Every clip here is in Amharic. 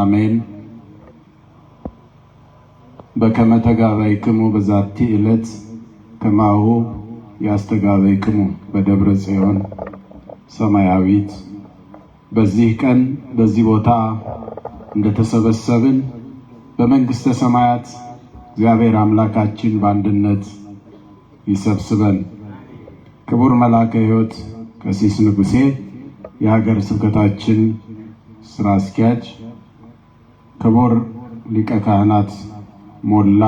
አሜን። በከመ ተጋባይክሙ በዛቲ ዕለት ከማሁ ያስተጋባይክሙ በደብረ ጽዮን ሰማያዊት። በዚህ ቀን በዚህ ቦታ እንደተሰበሰብን በመንግሥተ ሰማያት እግዚአብሔር አምላካችን በአንድነት ይሰብስበን። ክቡር መልአከ ሕይወት ቀሲስ ንጉሴ የሀገር ስብከታችን ስራ አስኪያጅ ክቡር ሊቀ ካህናት ሞላ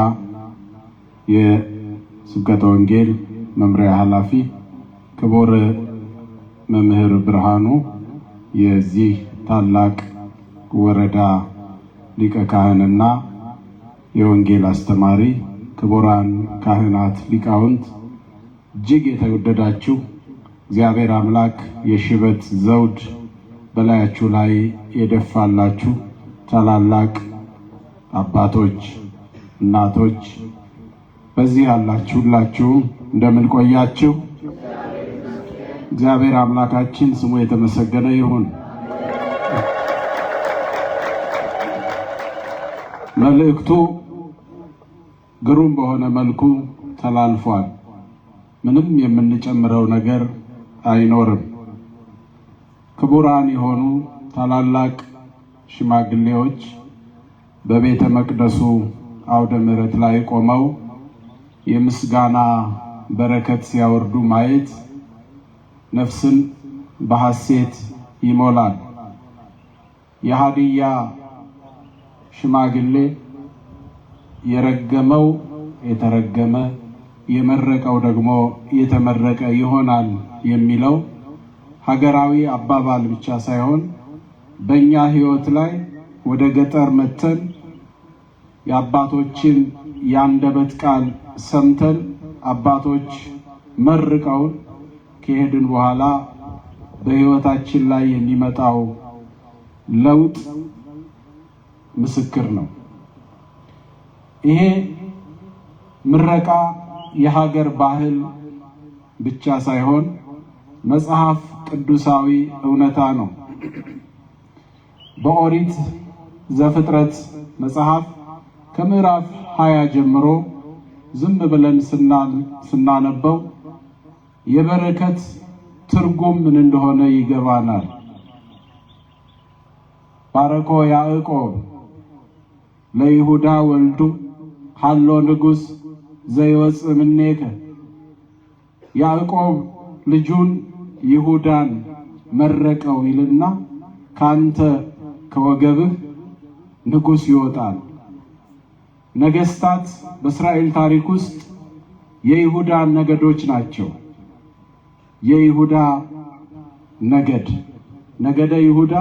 የስብከተ ወንጌል መምሪያ ኃላፊ፣ ክቡር መምህር ብርሃኑ የዚህ ታላቅ ወረዳ ሊቀ ካህንና የወንጌል አስተማሪ፣ ክቡራን ካህናት ሊቃውንት፣ እጅግ የተወደዳችሁ እግዚአብሔር አምላክ የሽበት ዘውድ በላያችሁ ላይ የደፋላችሁ ታላላቅ አባቶች፣ እናቶች በዚህ ያላችሁ ሁላችሁ እንደምን ቆያችሁ? እግዚአብሔር አምላካችን ስሙ የተመሰገነ ይሁን። መልእክቱ ግሩም በሆነ መልኩ ተላልፏል። ምንም የምንጨምረው ነገር አይኖርም። ክቡራን የሆኑ ታላላቅ ሽማግሌዎች በቤተ መቅደሱ አውደ ምሕረት ላይ ቆመው የምስጋና በረከት ሲያወርዱ ማየት ነፍስን በሐሴት ይሞላል። የሀዲያ ሽማግሌ የረገመው የተረገመ የመረቀው ደግሞ የተመረቀ ይሆናል የሚለው ሀገራዊ አባባል ብቻ ሳይሆን በእኛ ህይወት ላይ ወደ ገጠር መተን የአባቶችን የአንደበት ቃል ሰምተን አባቶች መርቀውን ከሄድን በኋላ በህይወታችን ላይ የሚመጣው ለውጥ ምስክር ነው። ይሄ ምረቃ የሀገር ባህል ብቻ ሳይሆን መጽሐፍ ቅዱሳዊ እውነታ ነው። በኦሪት ዘፍጥረት መጽሐፍ ከምዕራፍ ሀያ ጀምሮ ዝም ብለን ስናነበው የበረከት ትርጉም ምን እንደሆነ ይገባናል። ባረኮ ያዕቆብ ለይሁዳ ወልዱ ሀሎ ንጉሥ ዘይወፅ ምኔከ ያዕቆብ ልጁን ይሁዳን መረቀው ይልና ካንተ ከወገብህ ንጉሥ ይወጣል። ነገስታት በእስራኤል ታሪክ ውስጥ የይሁዳ ነገዶች ናቸው። የይሁዳ ነገድ ነገደ ይሁዳ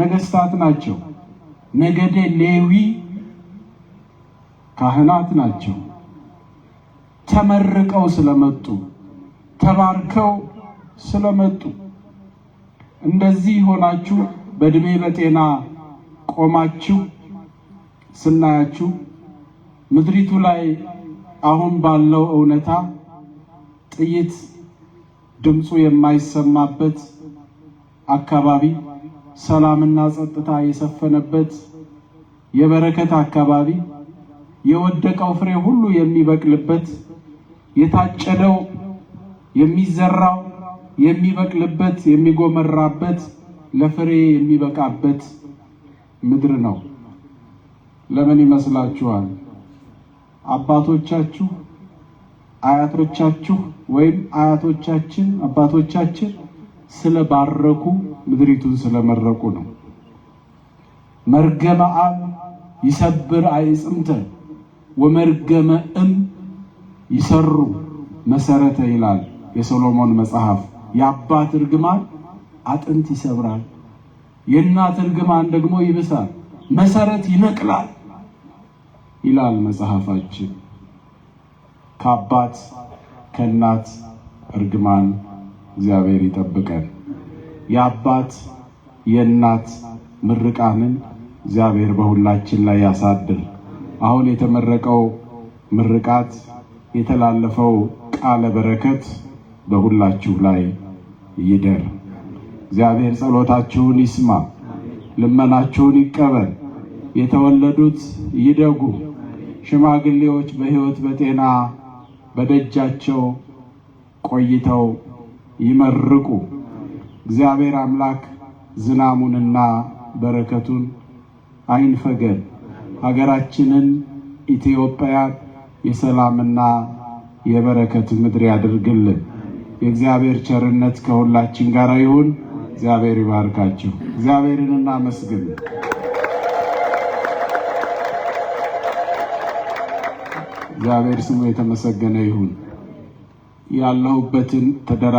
ነገስታት ናቸው። ነገደ ሌዊ ካህናት ናቸው። ተመርቀው ስለመጡ ተባርከው ስለመጡ እንደዚህ ሆናችሁ በእድሜ በጤና ቆማችሁ ስናያችሁ ምድሪቱ ላይ አሁን ባለው እውነታ ጥይት ድምፁ የማይሰማበት አካባቢ፣ ሰላምና ጸጥታ የሰፈነበት የበረከት አካባቢ፣ የወደቀው ፍሬ ሁሉ የሚበቅልበት የታጨደው የሚዘራው የሚበቅልበት የሚጎመራበት ለፍሬ የሚበቃበት ምድር ነው። ለምን ይመስላችኋል? አባቶቻችሁ አያቶቻችሁ ወይም አያቶቻችን አባቶቻችን ስለባረኩ ምድሪቱን ስለመረቁ ነው። መርገመ አብ ይሰብር አይጽምተ ወመርገመ እም ይሰሩ መሰረተ ይላል የሶሎሞን መጽሐፍ። የአባት እርግማን አጥንት ይሰብራል። የእናት እርግማን ደግሞ ይብሳል፣ መሰረት ይነቅላል ይላል መጽሐፋችን። ከአባት ከእናት እርግማን እግዚአብሔር ይጠብቀን። የአባት የእናት ምርቃንን እግዚአብሔር በሁላችን ላይ ያሳድር። አሁን የተመረቀው ምርቃት የተላለፈው ቃለ በረከት በሁላችሁ ላይ ይደር። እግዚአብሔር ጸሎታችሁን ይስማ፣ ልመናችሁን ይቀበል። የተወለዱት ይደጉ፣ ሽማግሌዎች በሕይወት በጤና በደጃቸው ቆይተው ይመርቁ። እግዚአብሔር አምላክ ዝናሙንና በረከቱን አይንፈገን። ሀገራችንን ኢትዮጵያ የሰላምና የበረከት ምድር ያድርግልን። የእግዚአብሔር ቸርነት ከሁላችን ጋር ይሁን። እግዚአብሔር ይባርካችሁ። እግዚአብሔርን እናመስግን። እግዚአብሔር ስሙ የተመሰገነ ይሁን። ያለሁበትን ተደራ